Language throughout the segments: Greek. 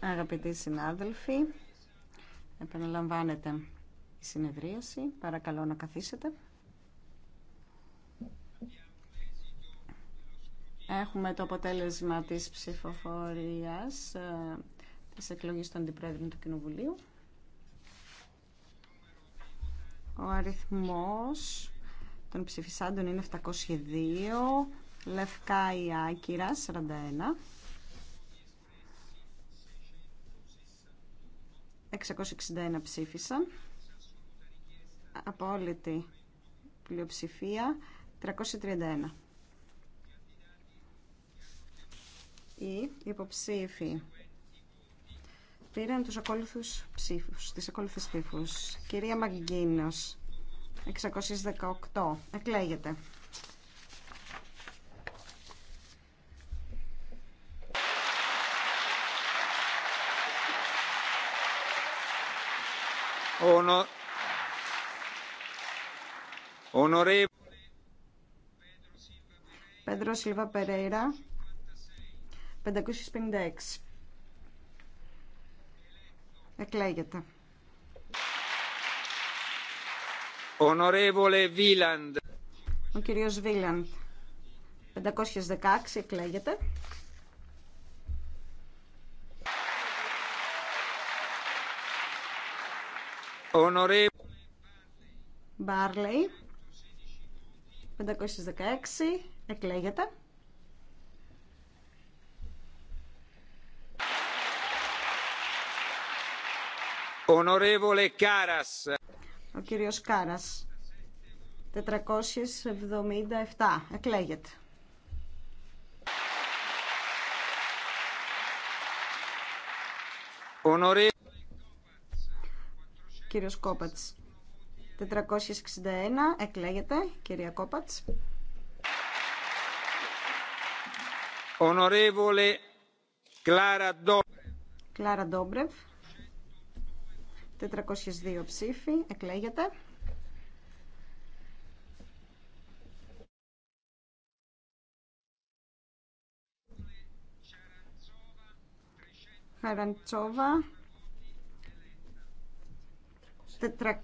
Αγαπητοί συνάδελφοι, επαναλαμβάνεται η συνεδρίαση. Παρακαλώ να καθίσετε. Έχουμε το αποτέλεσμα της ψηφοφορίας ε, της εκλογής των αντιπρόεδρων του Κοινοβουλίου. Ο αριθμός των ψηφισάντων είναι 702. Λευκάη Άκυρα 41 661 ψήφισαν απόλυτη πλειοψηφία 331 Οι υποψήφοι πήραν τους ακόλουθους ψήφους, τις ακόλουθες ψήφους. Κυρία Μαγκίνος, 618, εκλέγεται. Πέντρο Σίλβα Περέιρα, 556. Εκλέγεται. Ονορεύολε Βίλαντ. Ο κύριος Βίλαντ, 516 εκλέγεται. Μπάρλεϊ 516 εκλέγεται. Ονορεύολε Κάρας. Ο κύριος Κάρας 477 εκλέγεται. Ονορεύολε κύριος Κόπατς. 461 εκλέγεται, κυρία Κόπατς. Ονορεύολε Κλάρα Ντόμπρευ, 402 ψήφοι, εκλέγεται. Χαραντσόβα,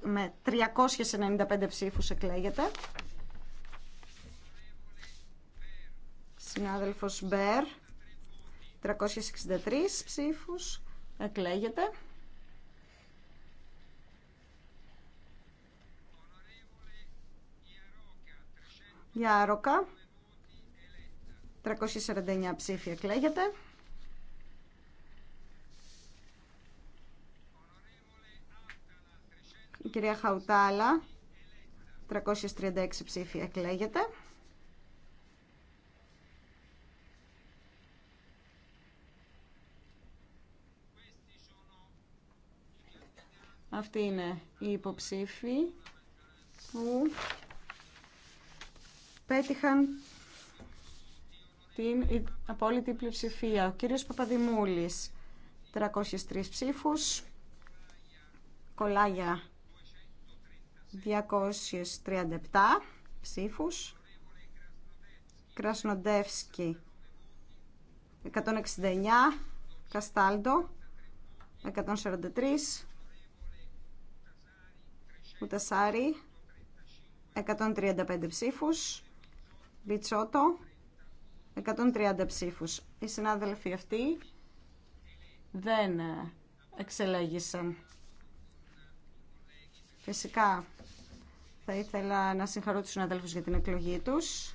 με 395 ψήφους εκλέγεται. Συνάδελφος Μπέρ, 363 ψήφους εκλέγεται. Γιάροκα, 349 ψήφια εκλέγεται. Η κυρία Χαουτάλα, 336 ψήφια εκλέγεται. Αυτή είναι η υποψήφοι που πέτυχαν την απόλυτη πλειοψηφία. Ο κύριος Παπαδημούλης, 303 ψήφους. Κολάγια, 237 ψήφους. Κρασνοντεύσκη 169. Καστάλτο 143. Ουτασάρη 135 ψήφους. Μπιτσότο 130 ψήφους. Οι συνάδελφοι αυτοί δεν εξελέγησαν. Φυσικά θα ήθελα να συγχαρώ τους συναδέλφους για την εκλογή τους.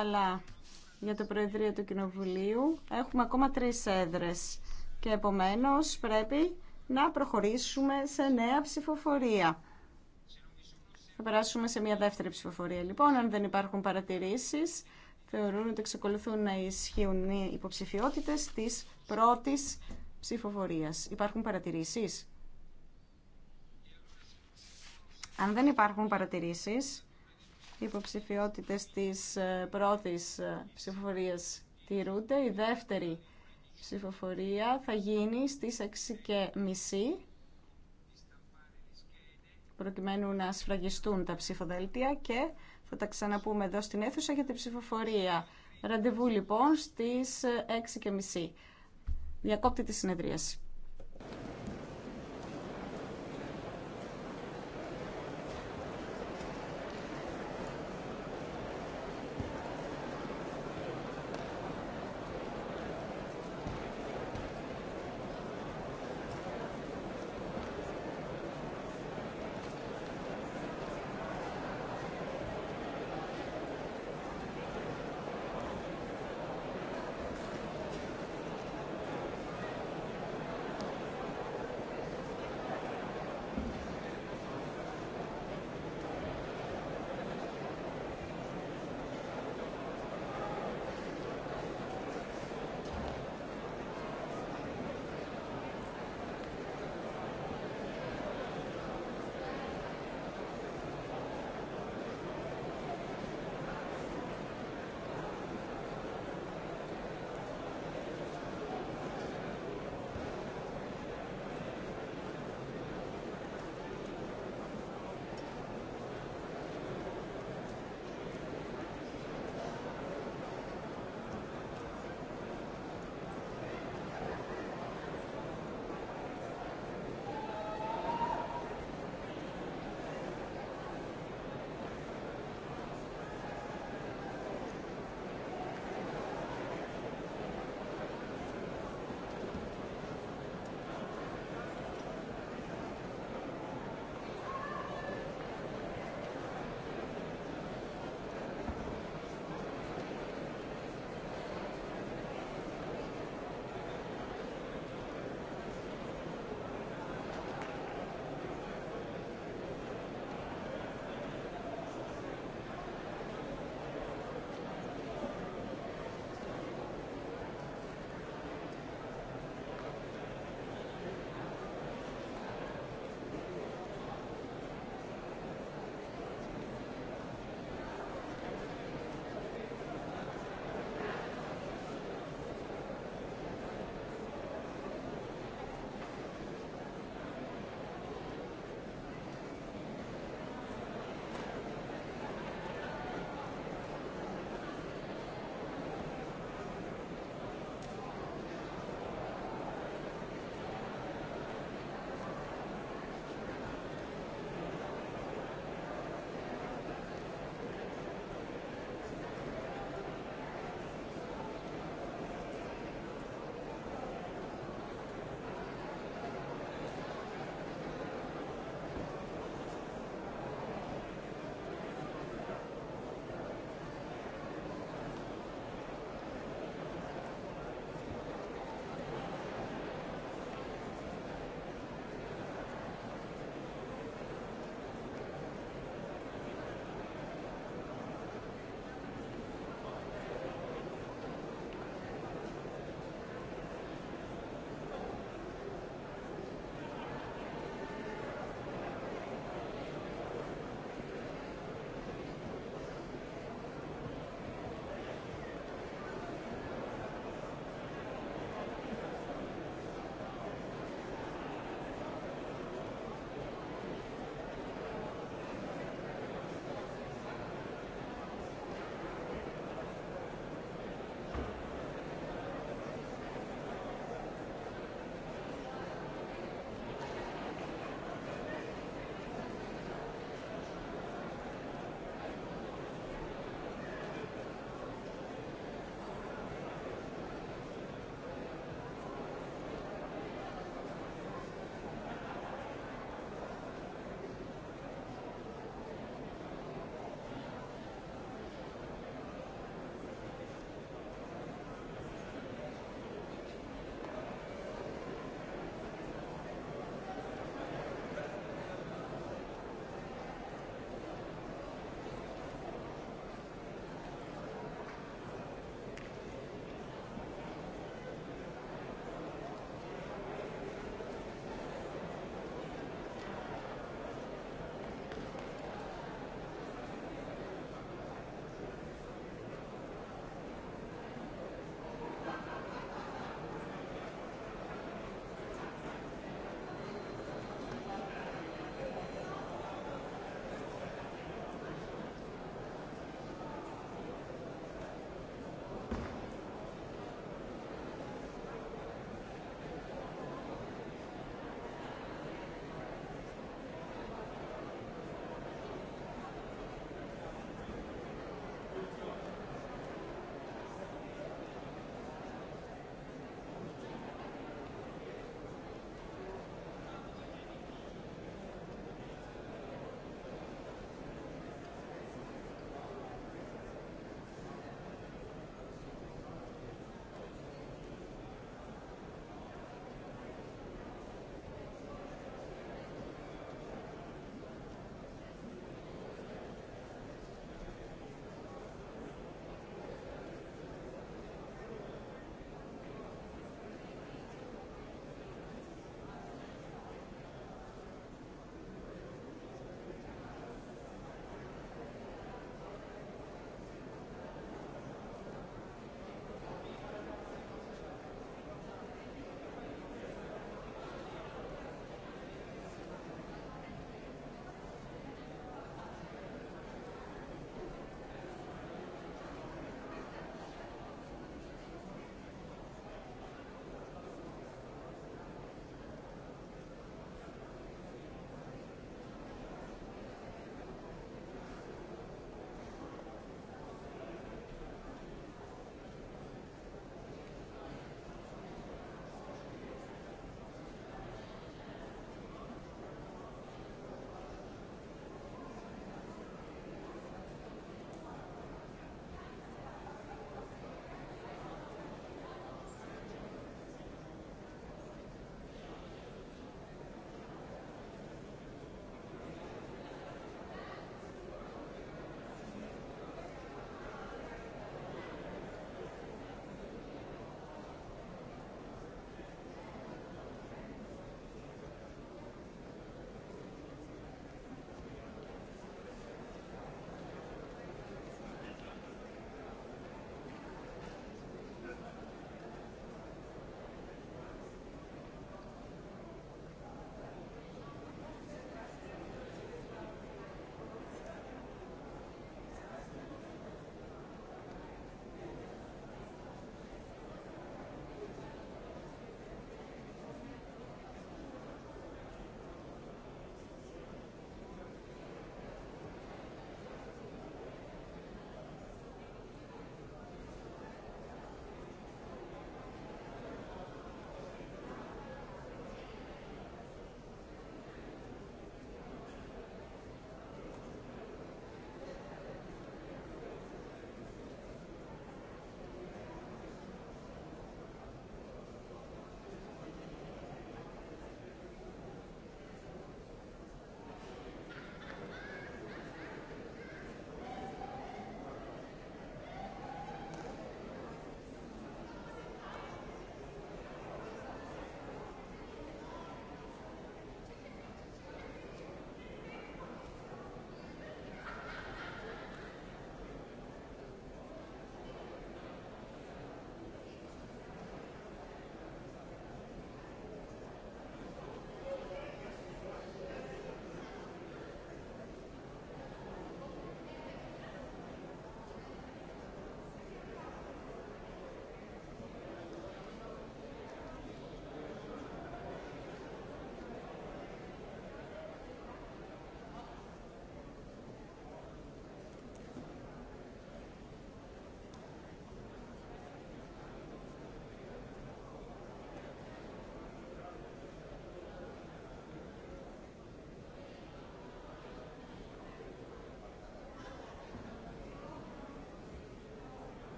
Αλλά για το Προεδρείο του Κοινοβουλίου έχουμε ακόμα τρεις έδρες και επομένως πρέπει να προχωρήσουμε σε νέα ψηφοφορία. Θα περάσουμε σε μια δεύτερη ψηφοφορία. Λοιπόν, αν δεν υπάρχουν παρατηρήσεις, θεωρούν ότι εξακολουθούν να ισχύουν οι υποψηφιότητες της πρώτης ψηφοφορίας. Υπάρχουν παρατηρήσεις? Αν δεν υπάρχουν παρατηρήσεις, οι υποψηφιότητες της ε, πρώτης ε, ψηφοφορίας τηρούνται. Η δεύτερη ψηφοφορία θα γίνει στις μισή, προκειμένου να σφραγιστούν τα ψηφοδέλτια και θα τα ξαναπούμε εδώ στην αίθουσα για την ψηφοφορία. Ραντεβού λοιπόν στις ε, μισή, Διακόπτη τη συνεδρίαση.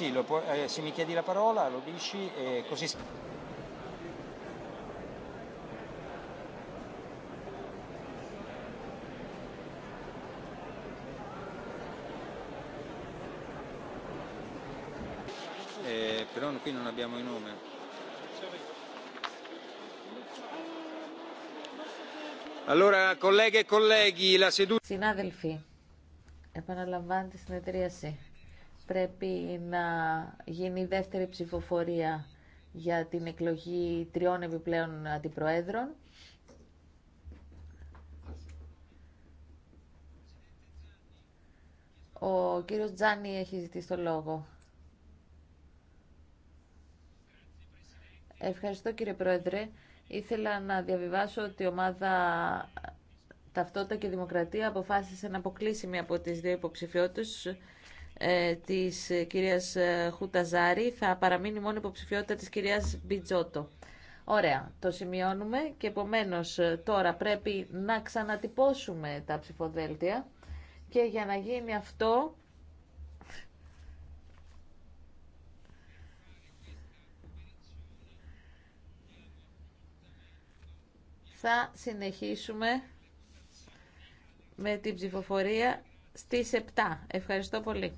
sì, lo, eh, se mi chiedi la parola lo dici e così... Eh, però qui non abbiamo i nomi. Allora, colleghe e colleghi, la seduta... Συνάδελφοι, επαναλαμβάνει εταιρεία συνεδρίαση πρέπει να γίνει η δεύτερη ψηφοφορία για την εκλογή τριών επιπλέον αντιπροέδρων. Ο κύριος Τζάνι έχει ζητήσει το λόγο. Ευχαριστώ κύριε Πρόεδρε. Ήθελα να διαβιβάσω ότι η ομάδα Ταυτότητα και Δημοκρατία αποφάσισε να αποκλείσει μία από τις δύο υποψηφιότητες ε, της ε, κυρίας ε, Χουταζάρη θα παραμείνει μόνο υποψηφιότητα της κυρίας Μπιτζότο. Ωραία, το σημειώνουμε και επομένως τώρα πρέπει να ξανατυπώσουμε τα ψηφοδέλτια και για να γίνει αυτό θα συνεχίσουμε με την ψηφοφορία στις 7. Ευχαριστώ πολύ.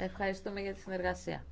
Ευχαριστούμε για τη συνεργασία.